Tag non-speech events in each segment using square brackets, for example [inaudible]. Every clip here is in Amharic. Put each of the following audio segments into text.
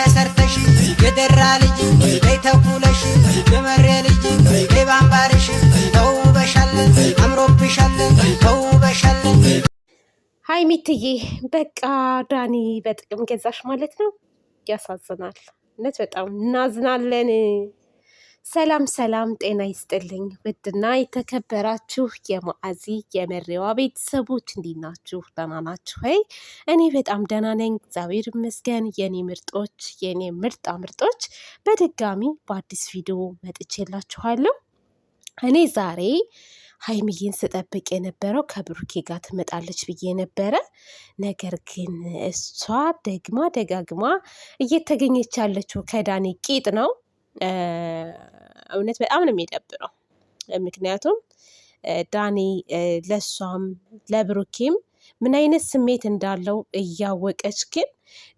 ተሰርተሽ የደራ ልጅ በይ ተኩለሽ የመሬ ልጅ በይ ባምባርሽ ተውበሻለን አምሮብሻለን ተውበሻለን። ሀይሚትዬ በቃ ዳኒ በጥቅም ገዛሽ ማለት ነው። ያሳዝናል። እውነት በጣም እናዝናለን። ሰላም ሰላም፣ ጤና ይስጥልኝ ውድና የተከበራችሁ የማዓዚ የመሬዋ ቤተሰቦች እንዴት ናችሁ? ደህና ናችሁ ወይ? እኔ በጣም ደህና ነኝ፣ እግዚአብሔር ይመስገን። የኔ ምርጦች፣ የኔ ምርጣ ምርጦች በድጋሚ በአዲስ ቪዲዮ መጥቼላችኋለሁ። እኔ ዛሬ ሀይሚዬን ስጠብቅ የነበረው ከብሩኬ ጋር ትመጣለች ብዬ ነበረ። ነገር ግን እሷ ደግማ ደጋግማ እየተገኘች ያለችው ከዳኔ ቂጥ ነው። እውነት በጣም ነው የሚደብረው። ምክንያቱም ዳኒ ለሷም ለብሩኬም ምን አይነት ስሜት እንዳለው እያወቀች ግን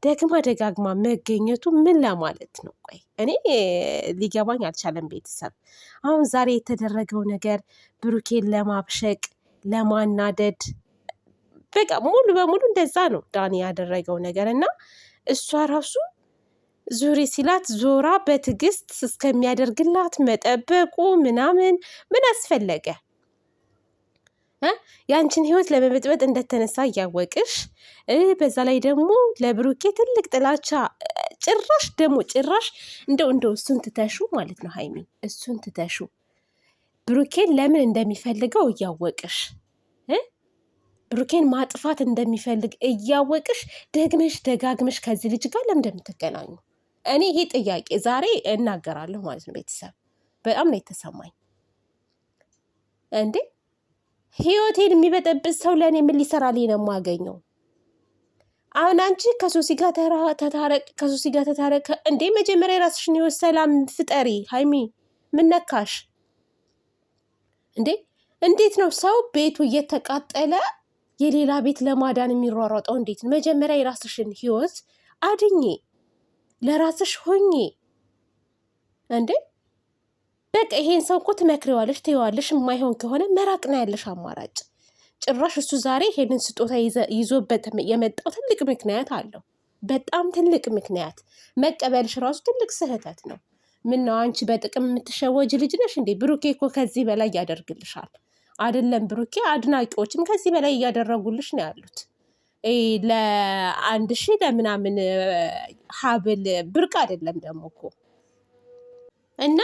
ደግማ ደጋግማ መገኘቱ ምን ለማለት ነው? ቆይ እኔ ሊገባኝ አልቻለም። ቤተሰብ አሁን ዛሬ የተደረገው ነገር ብሩኬን ለማብሸቅ ለማናደድ፣ በቃ ሙሉ በሙሉ እንደዛ ነው ዳኒ ያደረገው ነገር እና እሷ ራሱ ዙሪ ሲላት ዞራ በትዕግስት እስከሚያደርግላት መጠበቁ ምናምን ምን አስፈለገ? ያንቺን ህይወት ለመበጥበጥ እንደተነሳ እያወቅሽ በዛ ላይ ደግሞ ለብሩኬ ትልቅ ጥላቻ ጭራሽ ደግሞ ጭራሽ እንደው እንደው እሱን ትተሹ ማለት ነው ሀይሚ፣ እሱን ትተሹ ብሩኬን ለምን እንደሚፈልገው እያወቅሽ ብሩኬን ማጥፋት እንደሚፈልግ እያወቅሽ ደግመሽ ደጋግመሽ ከዚህ ልጅ ጋር ለምን እንደምትገናኙ እኔ ይሄ ጥያቄ ዛሬ እናገራለሁ ማለት ነው። ቤተሰብ በጣም ነው የተሰማኝ። እንዴ ህይወቴን የሚበጠብጥ ሰው ለእኔ ምን ሊሰራልኝ ነው የማገኘው? አሁን አንቺ ከሶሲ ጋር ተታረቅ፣ ከሶሲ ጋር ተታረቅ። እንዴ መጀመሪያ የራስሽን ህይወት ሰላም ፍጠሪ። ሀይሚ ምነካሽ እንዴ? እንዴት ነው ሰው ቤቱ እየተቃጠለ የሌላ ቤት ለማዳን የሚሯሯጠው? እንዴት ነው መጀመሪያ የራስሽን ህይወት አድኜ ለራስሽ ሆኚ እንዴ። በቃ ይሄን ሰው እኮ ትመክሪዋለሽ፣ ትይዋለሽ። የማይሆን ከሆነ መራቅ ነው ያለሽ አማራጭ። ጭራሽ እሱ ዛሬ ይሄንን ስጦታ ይዞበት የመጣው ትልቅ ምክንያት አለው። በጣም ትልቅ ምክንያት። መቀበልሽ ራሱ ትልቅ ስህተት ነው። ነው አንቺ በጥቅም የምትሸወጅ ልጅ ነሽ እንዴ? ብሩኬ እኮ ከዚህ በላይ ያደርግልሻል። አይደለም ብሩኬ፣ አድናቂዎችም ከዚህ በላይ እያደረጉልሽ ነው ያሉት። ለአንድ ሺህ ለምናምን ሀብል ብርቅ አይደለም ደግሞ እኮ እና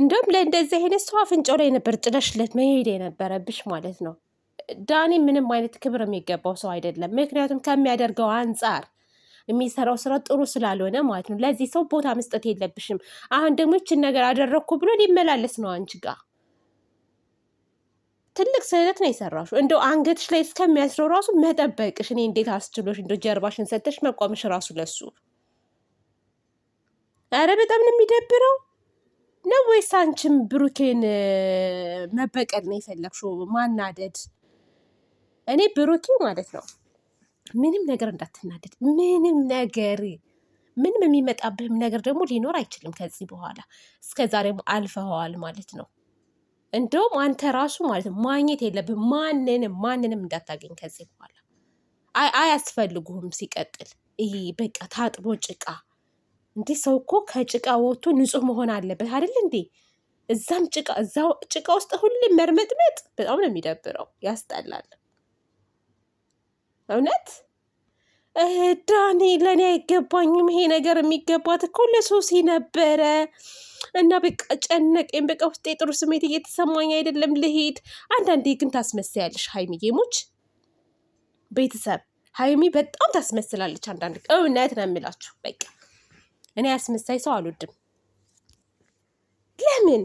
እንደውም ለእንደዚህ አይነት ሰው አፍንጫው ላይ ነበር ጭለሽለት መሄድ የነበረብሽ ማለት ነው። ዳኒ ምንም አይነት ክብር የሚገባው ሰው አይደለም። ምክንያቱም ከሚያደርገው አንጻር የሚሰራው ስራ ጥሩ ስላልሆነ ማለት ነው። ለዚህ ሰው ቦታ መስጠት የለብሽም። አሁን ደግሞ ይችን ነገር አደረግኩ ብሎ ሊመላለስ ነው አንቺ ጋር ትልቅ ስህተት ነው የሰራሹ። እንደው አንገትሽ ላይ እስከሚያስረው ራሱ መጠበቅሽ እኔ እንዴት አስችሎሽ እንደ ጀርባሽን ሰተሽ መቋምሽ ራሱ ለሱ አረ በጣም ነው የሚደብረው። ነው ወይስ አንቺም ብሩኬን መበቀል ነው የፈለግሽው? ማናደድ? እኔ ብሩኬ ማለት ነው ምንም ነገር እንዳትናደድ፣ ምንም ነገር ምንም የሚመጣብህም ነገር ደግሞ ሊኖር አይችልም ከዚህ በኋላ። እስከ ዛሬም አልፈኸዋል ማለት ነው። እንደውም አንተ ራሱ ማለት ነው ማግኘት የለብህ ማንንም ማንንም እንዳታገኝ ከዚህ በኋላ አያስፈልጉህም። ሲቀጥል ይሄ በቃ ታጥቦ ጭቃ እንዴ! ሰው እኮ ከጭቃ ወጥቶ ንጹህ መሆን አለበት አይደል እንዴ? እዛም ጭቃ እዛው ጭቃ ውስጥ ሁሌም መርመጥመጥ በጣም ነው የሚደብረው፣ ያስጠላል። እውነት ዳኒ፣ ለእኔ አይገባኝም ይሄ ነገር። የሚገባት እኮ ለሶሲ ነበረ። እና በቃ ጨነቀኝ። በቃ ውስጤ ጥሩ ስሜት እየተሰማኝ አይደለም፣ ልሄድ። አንዳንዴ ግን ታስመስያለሽ ሀይሚ ጌሞች ቤተሰብ ሀይሚ በጣም ታስመስላለች። አንዳንድ እውነት ነው የምላችሁ። በቃ እኔ አስመሳይ ሰው አልወድም። ለምን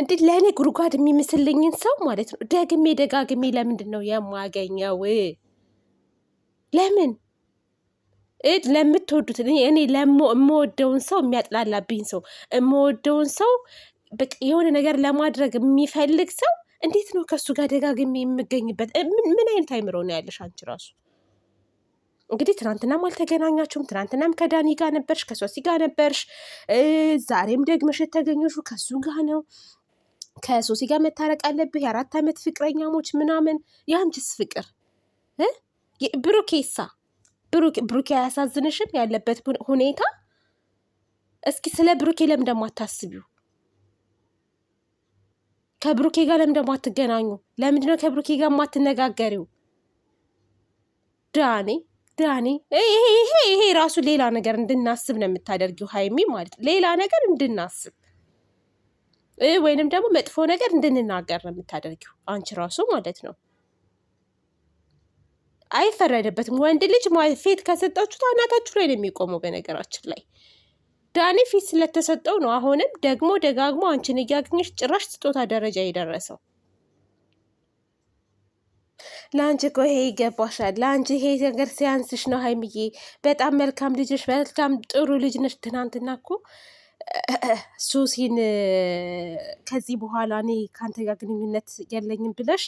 እንዴ ለእኔ ጉድጓድ የሚመስለኝን ሰው ማለት ነው ደግሜ ደጋግሜ ለምንድን ነው የማገኘው? ለምን ለምትወዱት እኔ የምወደውን ሰው የሚያጥላላብኝ ሰው የምወደውን ሰው በቃ የሆነ ነገር ለማድረግ የሚፈልግ ሰው እንዴት ነው ከእሱ ጋር ደጋግሜ የምገኝበት? ምን አይነት አይምሮ ነው ያለሽ አንቺ ራሱ? እንግዲህ ትናንትናም አልተገናኛችሁም። ትናንትናም ከዳኒ ጋር ነበርሽ፣ ከሶሲ ጋር ነበርሽ። ዛሬም ደግመሽ የተገኘሹ ከሱ ጋር ነው። ከሶሲ ጋር መታረቅ አለብህ። የአራት ዓመት ፍቅረኛሞች ምናምን። የአንቺስ ፍቅር ብሩኬሳ ብሩኬ አያሳዝንሽም? ያለበት ሁኔታ እስኪ ስለ ብሩኬ ለምን ደግሞ አታስቢው? ከብሩኬ ጋር ለምን ደግሞ አትገናኙ? ለምንድነው ከብሩኬ ጋር የማትነጋገሪው? ዳኔ ዳኔ ይሄ ይሄ ራሱ ሌላ ነገር እንድናስብ ነው የምታደርጊው ሀይሚ ማለት ሌላ ነገር እንድናስብ ወይንም ደግሞ መጥፎ ነገር እንድንናገር ነው የምታደርጊው አንቺ ራሱ ማለት ነው። አይፈረድበትም ወንድ ልጅ ፊት ከሰጣችሁት አናታችሁ ላይ ነው የሚቆመው። በነገራችን ላይ ዳኒ ፊት ስለተሰጠው ነው አሁንም ደግሞ ደጋግሞ አንቺን እያገኘች ጭራሽ ስጦታ ደረጃ የደረሰው። ለአንቺ እኮ ይሄ ይገባሻል። ለአንቺ ይሄ ነገር ሲያንስሽ ነው ሀይምዬ። በጣም መልካም ልጅ በጣም ጥሩ ልጅ ነሽ። ትናንትና እኮ [clears throat] ሱሲን ከዚህ በኋላ እኔ ከአንተ ጋር ግንኙነት የለኝም ብለሽ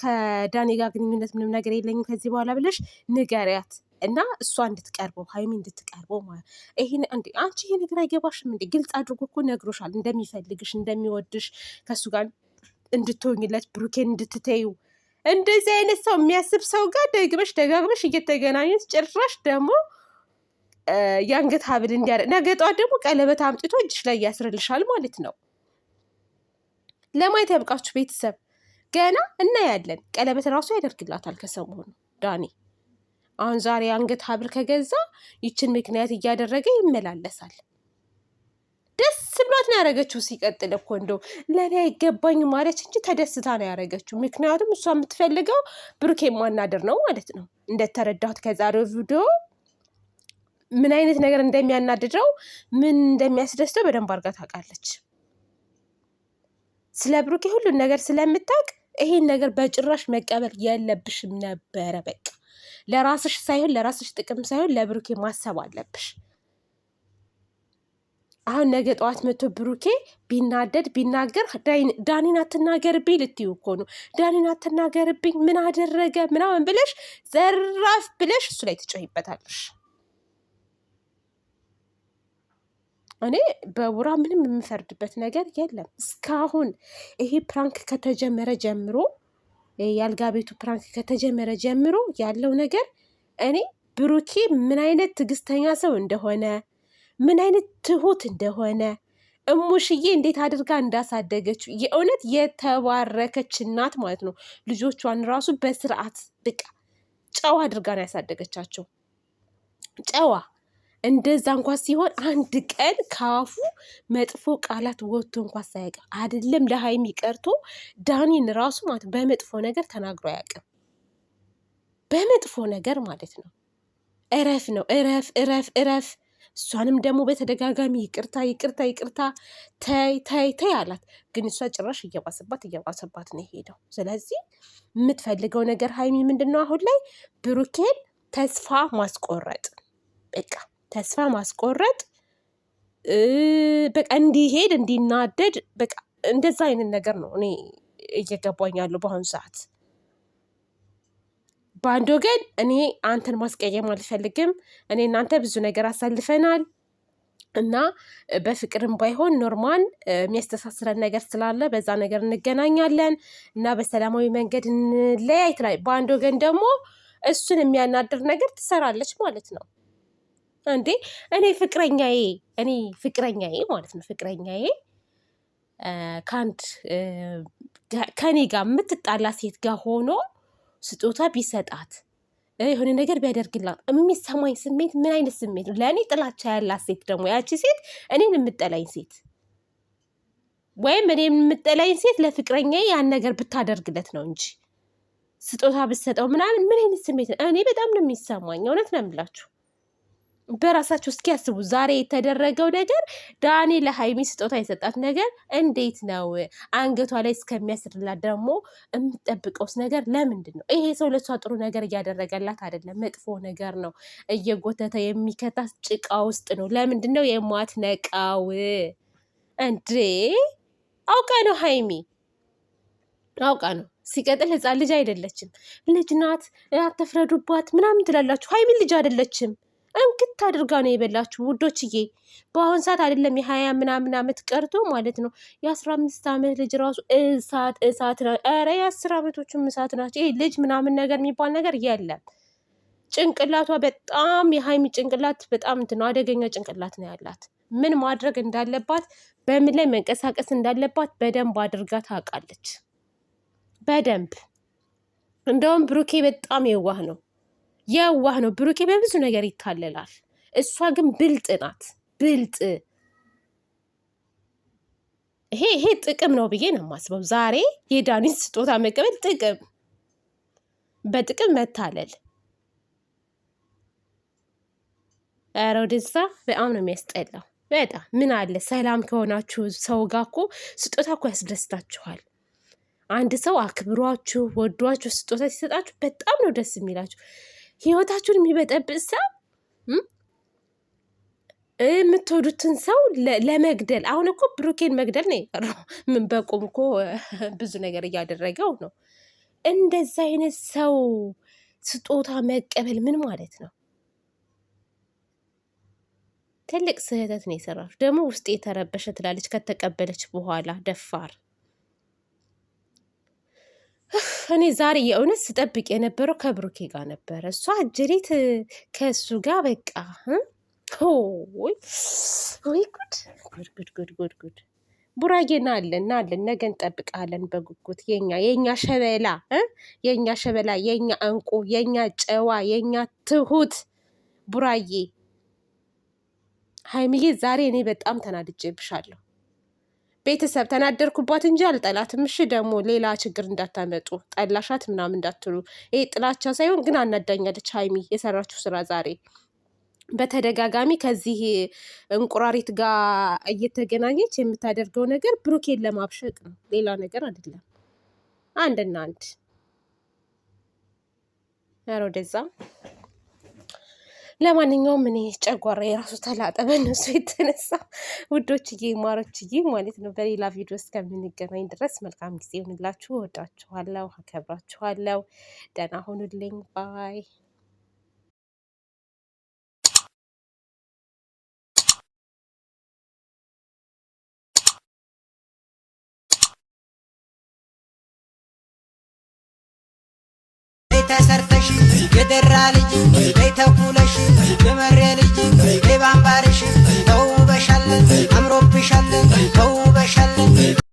ከዳኔ ጋር ግንኙነት ምንም ነገር የለኝም ከዚህ በኋላ ብለሽ ንገሪያት እና እሷ እንድትቀርበው ሀይሚ እንድትቀርበው ማለት ይሄን እንዴ አንቺ ይሄ ነገር አይገባሽም እንዴ? ግልጽ አድርጎ እኮ ነግሮሻል እንደሚፈልግሽ እንደሚወድሽ ከእሱ ጋር እንድትሆኝለት ብሩኬን እንድትተዩ እንደዚህ አይነት ሰው የሚያስብ ሰው ጋር ደግመሽ ደጋግመሽ እየተገናኘት ጭራሽ ደግሞ የአንገት ሀብል እንዲያደ ነገ ጠዋት ደግሞ ቀለበት አምጥቶ እጅሽ ላይ ያስርልሻል ማለት ነው። ለማየት ያብቃችሁ ቤተሰብ። ገና እናያለን። ቀለበት ራሱ ያደርግላታል ከሰሞኑ ዳኒ። አሁን ዛሬ አንገት ሀብል ከገዛ ይችን ምክንያት እያደረገ ይመላለሳል። ደስ ብሏት ነው ያደረገችው። ሲቀጥል እኮ እንደው ለእኔ አይገባኝ ማለች እንጂ ተደስታ ነው ያደረገችው። ምክንያቱም እሷ የምትፈልገው ብሩኬን ማናደር ነው ማለት ነው። እንደተረዳሁት ከዛሬው ቪዲዮ ምን አይነት ነገር እንደሚያናድደው፣ ምን እንደሚያስደስተው በደንብ አድርጋ ታውቃለች። ስለ ብሩኬ ሁሉን ነገር ስለምታውቅ ይሄን ነገር በጭራሽ መቀበል የለብሽም ነበረ። በቃ ለራስሽ ሳይሆን ለራስሽ ጥቅም ሳይሆን ለብሩኬ ማሰብ አለብሽ። አሁን ነገ ጠዋት መቶ ብሩኬ ቢናደድ ቢናገር ዳኒን አትናገርብኝ ልትዩ እኮ ነው። ዳኒን አትናገርብኝ ምን አደረገ ምናምን ብለሽ ዘራፍ ብለሽ እሱ ላይ ትጮሂበታለሽ። እኔ በቡራ ምንም የምፈርድበት ነገር የለም። እስካሁን ይሄ ፕራንክ ከተጀመረ ጀምሮ የአልጋ ቤቱ ፕራንክ ከተጀመረ ጀምሮ ያለው ነገር እኔ ብሩኬ ምን አይነት ትዕግስተኛ ሰው እንደሆነ ምን አይነት ትሁት እንደሆነ እሙሽዬ እንዴት አድርጋ እንዳሳደገችው የእውነት የተባረከች እናት ማለት ነው። ልጆቿን ራሱ በስርዓት ብቃ ጨዋ አድርጋ ነው ያሳደገቻቸው ጨዋ እንደዛ እንኳን ሲሆን አንድ ቀን ከአፉ መጥፎ ቃላት ወጥቶ እንኳ ሳያውቅም አይደለም ለሀይሚ ቀርቶ ዳኒን ራሱ ማለት በመጥፎ ነገር ተናግሮ አያውቅም። በመጥፎ ነገር ማለት ነው። እረፍ ነው እረፍ እረፍ እረፍ። እሷንም ደግሞ በተደጋጋሚ ይቅርታ ይቅርታ ይቅርታ ተይ ተይ ተይ አላት። ግን እሷ ጭራሽ እየባሰባት እየባሰባት ነው የሄደው። ስለዚህ የምትፈልገው ነገር ሀይሚ ምንድን ነው አሁን ላይ ብሩኬን ተስፋ ማስቆረጥ በቃ ተስፋ ማስቆረጥ በቃ እንዲሄድ እንዲናደድ በቃ እንደዛ አይነት ነገር ነው እኔ እየገባኝ ያለው በአሁኑ ሰዓት። በአንድ ወገን እኔ አንተን ማስቀየም አልፈልግም። እኔ እናንተ ብዙ ነገር አሳልፈናል እና በፍቅርም ባይሆን ኖርማል የሚያስተሳስረን ነገር ስላለ በዛ ነገር እንገናኛለን እና በሰላማዊ መንገድ እንለያይ ትላለች። በአንድ ወገን ደግሞ እሱን የሚያናድር ነገር ትሰራለች ማለት ነው። እንዴ እኔ ፍቅረኛዬ እኔ ፍቅረኛዬ ማለት ነው ፍቅረኛዬ ከአንድ ከኔ ጋር የምትጣላ ሴት ጋር ሆኖ ስጦታ ቢሰጣት የሆነ ነገር ቢያደርግላት የሚሰማኝ ስሜት ምን አይነት ስሜት ነው? ለእኔ ጥላቻ ያላት ሴት ደግሞ ያቺ ሴት እኔን የምጠላኝ ሴት ወይም እኔ የምጠላኝ ሴት ለፍቅረኛዬ ያን ነገር ብታደርግለት ነው እንጂ ስጦታ ብትሰጠው ምናምን ምን አይነት ስሜት ነው? እኔ በጣም ነው የሚሰማኝ። እውነት ነው የምላችሁ። በራሳቸው እስኪያስቡ ዛሬ የተደረገው ነገር ዳኒ ለሀይሚ ስጦታ የሰጣት ነገር እንዴት ነው? አንገቷ ላይ እስከሚያስርላት ደግሞ የምጠብቀውስ ነገር ለምንድን ነው? ይሄ ሰው ለሷ ጥሩ ነገር እያደረገላት አይደለም፣ መጥፎ ነገር ነው እየጎተተ የሚከታት ጭቃ ውስጥ ነው። ለምንድን ነው ነቃው እንዴ አውቃ ነው ሀይሚ አውቃ ነው። ሲቀጥል ህፃን ልጅ አይደለችም፣ ልጅ ናት፣ አትፍረዱባት ምናምን ትላላችሁ። ሀይሚ ልጅ አይደለችም። እንክት አድርጋ ነው የበላችሁ ውዶችዬ። በአሁን ሰዓት አይደለም የሀያ ምናምን አመት ቀርቶ ማለት ነው የአስራ አምስት አመት ልጅ ራሱ እሳት እሳት ነው። ኧረ የአስር አመቶችም እሳት ናቸው። ይሄ ልጅ ምናምን ነገር የሚባል ነገር የለም። ጭንቅላቷ በጣም የሀይሚ ጭንቅላት በጣም እንትን ነው፣ አደገኛ ጭንቅላት ነው ያላት። ምን ማድረግ እንዳለባት በምን ላይ መንቀሳቀስ እንዳለባት በደንብ አድርጋ ታውቃለች። በደንብ እንደውም ብሩኬ በጣም የዋህ ነው። የዋህ ነው ብሩኬ፣ በብዙ ነገር ይታለላል። እሷ ግን ብልጥ ናት። ብልጥ ይሄ ይሄ ጥቅም ነው ብዬ ነው የማስበው። ዛሬ የዳኒስ ስጦታ መቀበል ጥቅም፣ በጥቅም መታለል። ኧረ ወደዛ በጣም ነው የሚያስጠላው። በጣም ምን አለ ሰላም ከሆናችሁ ሰው ጋር እኮ ስጦታ እኮ ያስደስታችኋል። አንድ ሰው አክብሯችሁ ወዷችሁ ስጦታ ሲሰጣችሁ በጣም ነው ደስ የሚላችሁ። ህይወታችሁን የሚበጠብጥ ሰው የምትወዱትን ሰው ለመግደል አሁን እኮ ብሩኬን መግደል ነው የቀረው። ምን በቁም እኮ ብዙ ነገር እያደረገው ነው። እንደዛ አይነት ሰው ስጦታ መቀበል ምን ማለት ነው? ትልቅ ስህተት ነው የሰራችሁ። ደግሞ ውስጥ የተረበሸ ትላለች ከተቀበለች በኋላ ደፋር እኔ ዛሬ የእውነት ስጠብቅ የነበረው ከብሩኬ ጋር ነበረ። እሷ አጀሪት ከእሱ ጋር በቃ ወይ ጉድ ጉድ ጉድ ጉድ ጉድ ቡራጌና አለን አለን ነገ እንጠብቃለን በጉጉት የኛ የኛ ሸበላ የኛ ሸበላ የኛ እንቁ የኛ ጨዋ የኛ ትሁት ቡራዬ ሀይሚዬ ዛሬ እኔ በጣም ተናድጄብሻለሁ። ቤተሰብ ተናደርኩባት እንጂ አልጠላትም። እሺ ደግሞ ሌላ ችግር እንዳታመጡ ጠላሻት ምናምን እንዳትሉ። ይሄ ጥላቻ ሳይሆን ግን አናዳኛለች ሀይሚ የሰራችው ስራ ዛሬ በተደጋጋሚ ከዚህ እንቁራሪት ጋር እየተገናኘች የምታደርገው ነገር ብሩኬን ለማብሸቅ ነው፣ ሌላ ነገር አይደለም። አንድና አንድ ኧረ ወደዛ ለማንኛውም እኔ ጨጓራ የራሱ ተላጠ በነሱ የተነሳ ውዶችዬ፣ ማሮችዬ ማለት ነው። በሌላ ቪዲዮ እስከምንገናኝ ድረስ መልካም ጊዜ ይሁንላችሁ። ወዳችኋለሁ፣ አከብራችኋለሁ። ደህና ሁኑልኝ። ባይ ተሰርተሽ የደራ ልጅ ቤተኩለ የመሬ ልጅ ቀይ ተውበሻለን አምሮብሻለን ተውበሻለን